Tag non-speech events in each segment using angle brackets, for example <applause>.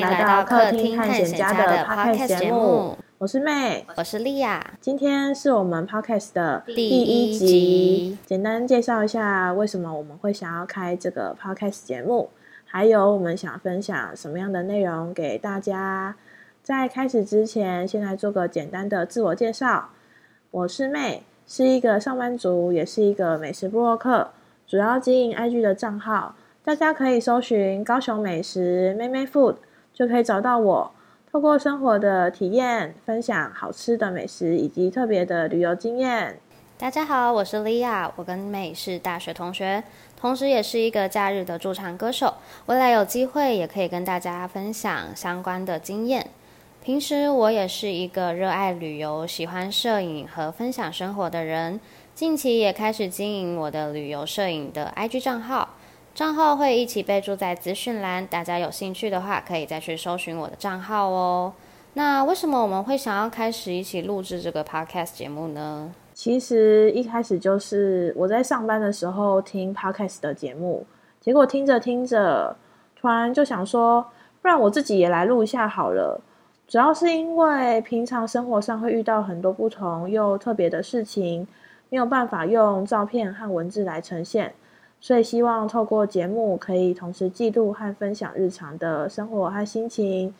來到客廳探險家的 podcast 節目，我是 May，我是 Liya，今天是我們 podcast 的第一集。簡單介紹一下為什麼我們會想要開這個 podcast 節目，還有我們想分享什麼樣的內容給大家。在開始之前，先來做個簡單的自我介紹。我是 May，是一個上班族，也是一個美食部落客，主要經營 IG 的賬號，大家可以搜尋高雄美食 May May Food。就可以找到我，透過生活的體驗分享好吃的美食以及特別的旅遊經驗。大家好，我是 Liya，我跟 May 是大學同學，同時也是一個假日的駐唱歌手，未來有機會也可以跟大家分享相關的經驗。平時我也是一個熱愛旅遊、喜歡攝影和分享生活的人，近期也開始經營我的旅遊攝影的 IG 賬號賬號會一起備註在資訊欄，大家有興趣的話可以再去搜尋我的賬號哦。那為什麼我們會想要開始一起錄製這個 podcast 節目呢？其實一開始就是我在上班的時候聽 podcast 的節目，結果聽着聽着，突然就想說，不然我自己也來錄一下好了。主要是因為平常生活上會遇到很多不同又特別的事情，沒有辦法用照片和文字來呈現。所以希望透過節目可以同時記錄和分享日常的生活和心情。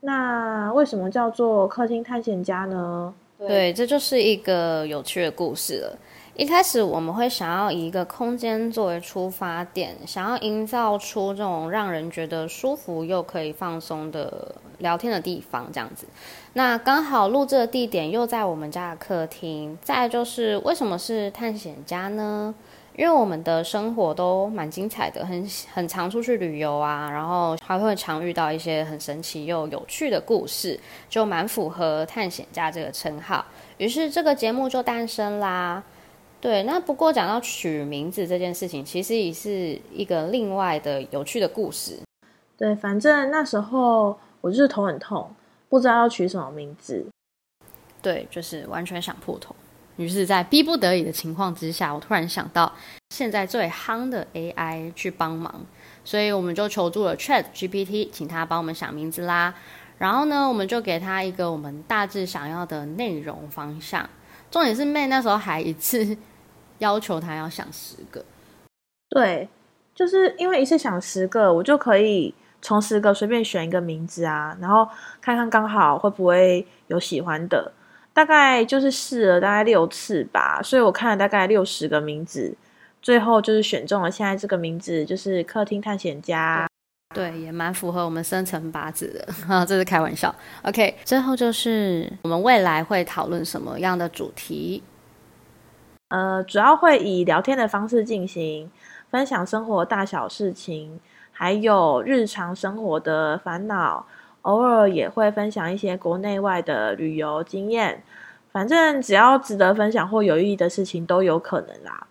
那為什麼叫做客廳探險家呢？對，這就是一個有趣的故事了。一開始我們會想要以一個空間作為出發點，想要營造出這種讓人覺得舒服又可以放鬆的聊天的地方，這樣子。那剛好錄製的地點又在我們家的客廳。再就是為什麼是探險家呢？因為我們的生活都蠻精彩的，很很常出去旅遊啊，然後還會常遇到一些很神奇又有趣的故事，就蠻符合探險家這個稱號。於是這個節目就誕生啦。對，那不過講到取名字這件事情，其實也是一個另外的有趣的故事。對，反正那時候我就是頭很痛，不知道要取什麼名字。對，就是完全想破頭。於是，在逼不得已的情況之下，我突然想到，現在最夯的 AI 去幫忙，所以我們就求助了 ChatGPT，請他幫我們想名字啦。然後呢，我們就給他一個我們大致想要的內容方向。重點是 May 那時候還一次要求他要想十個，對，就是因為一次想十個，我就可以從十個隨便選一個名字啊，然後看看剛好會不會有喜歡的。大概就是試了大概六次吧，所以我看了大概六十個名字，最後就是選中了現在這個名字，就是客廳探險家。對，也蠻符合我們生辰八字的， <laughs> 這是開玩笑。OK，最後就是我們未來會討論什麼樣的主題？呃，主要會以聊天的方式進行，分享生活大小事情，還有日常生活的煩惱。偶爾也會分享一些國內外的旅遊經驗，反正只要值得分享或有意義的事情都有可能啦。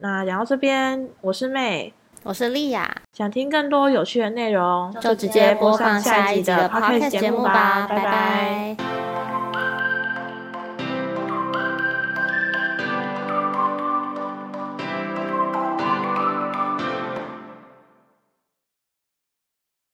那然後這邊，我是 May，我是 Liya，想聽更多有趣的內容，就直接播放下一集的 podcast 節目吧，拜拜。拜拜。